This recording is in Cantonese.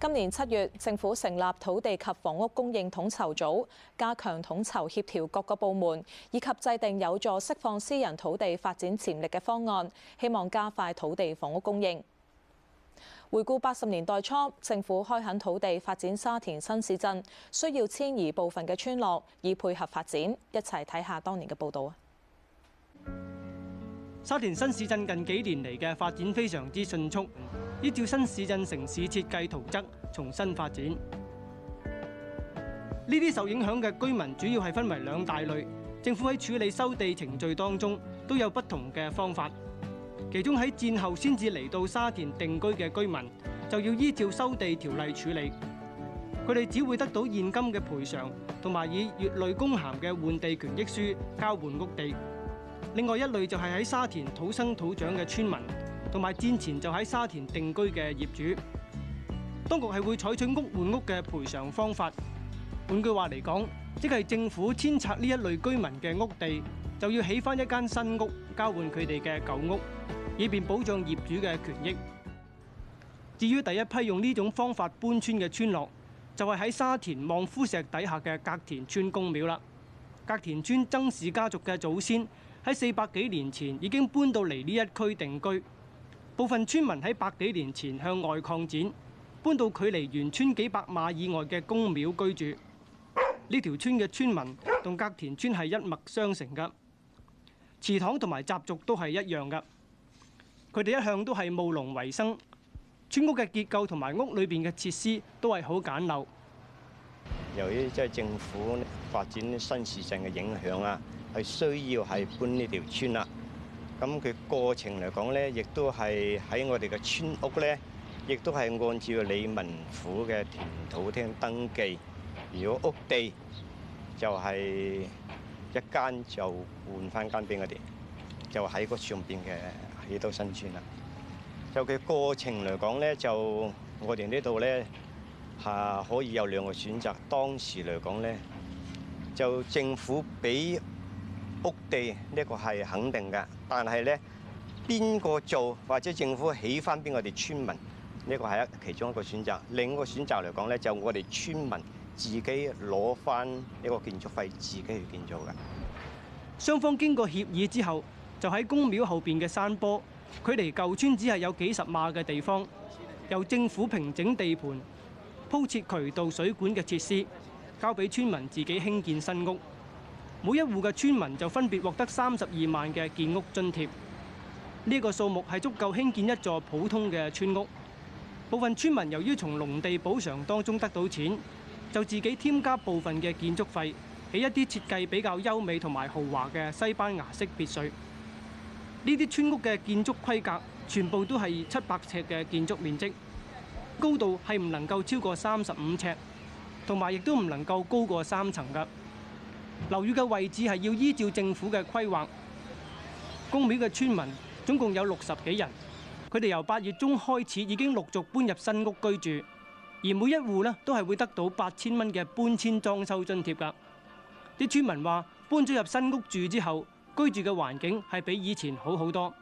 今年七月，政府成立土地及房屋供應統籌組，加強統籌協調各個部門，以及制定有助釋放私人土地發展潛力嘅方案，希望加快土地房屋供應。回顧八十年代初，政府開墾土地發展沙田新市鎮，需要遷移部分嘅村落，以配合發展。一齊睇下當年嘅報導啊！沙田新市鎮近幾年嚟嘅發展非常之迅速。依照新市鎮城市設計圖則重新發展，呢啲受影響嘅居民主要係分為兩大類。政府喺處理收地程序當中都有不同嘅方法。其中喺戰後先至嚟到沙田定居嘅居民，就要依照收地條例處理，佢哋只會得到現金嘅賠償，同埋以乙類公函嘅換地權益書交換屋地。另外一類就係喺沙田土生土長嘅村民，同埋戰前就喺沙田定居嘅業主，當局係會採取屋換屋嘅賠償方法。換句話嚟講，即係政府遷拆呢一類居民嘅屋地，就要起翻一間新屋交換佢哋嘅舊屋，以便保障業主嘅權益。至於第一批用呢種方法搬村嘅村落，就係喺沙田望夫石底下嘅隔田村公廟啦。隔田村曾氏家族嘅祖先喺四百幾年前已經搬到嚟呢一區定居。部分村民喺百幾年前向外擴展，搬到距離原村幾百碼以外嘅公廟居住。呢條村嘅村民同隔田村係一脈相承㗎，祠堂同埋習俗都係一樣㗎。佢哋一向都係務農為生，村屋嘅結構同埋屋裏邊嘅設施都係好簡陋。由於即係政府發展新市鎮嘅影響啊，係需要係搬呢條村啦。咁佢過程嚟講咧，亦都係喺我哋嘅村屋咧，亦都係按照理民府嘅田土廳登記。如果屋地就係一間，就換翻間俾我哋，就喺個上邊嘅喜都新村啦。就佢過程嚟講咧，就我哋呢度咧嚇可以有兩個選擇。當時嚟講咧，就政府俾。屋地呢個係肯定嘅，但係咧邊個做或者政府起翻邊個我哋村民呢個係一其中一個選擇，另一個選擇嚟講咧，就是、我哋村民自己攞翻一個建築費自己去建造嘅。雙方經過協議之後，就喺公廟後邊嘅山坡，距離舊村只係有幾十碼嘅地方，由政府平整地盤，鋪設渠道、水管嘅設施，交俾村民自己興建新屋。每一戶嘅村民就分別獲得三十二萬嘅建屋津貼，呢個數目係足夠興建一座普通嘅村屋，部分村民由於從農地補償當中得到錢，就自己添加部分嘅建築費，起一啲設計比較優美同埋豪華嘅西班牙式別墅。呢啲村屋嘅建築規格全部都係七百尺嘅建築面積，高度係唔能夠超過三十五尺，同埋亦都唔能夠高過三層㗎。樓宇嘅位置係要依照政府嘅規劃，公廟嘅村民總共有六十幾人，佢哋由八月中開始已經陸續搬入新屋居住，而每一戶咧都係會得到八千蚊嘅搬遷裝修津貼的，啲村民話搬咗入新屋住之後居住嘅環境係比以前好好多。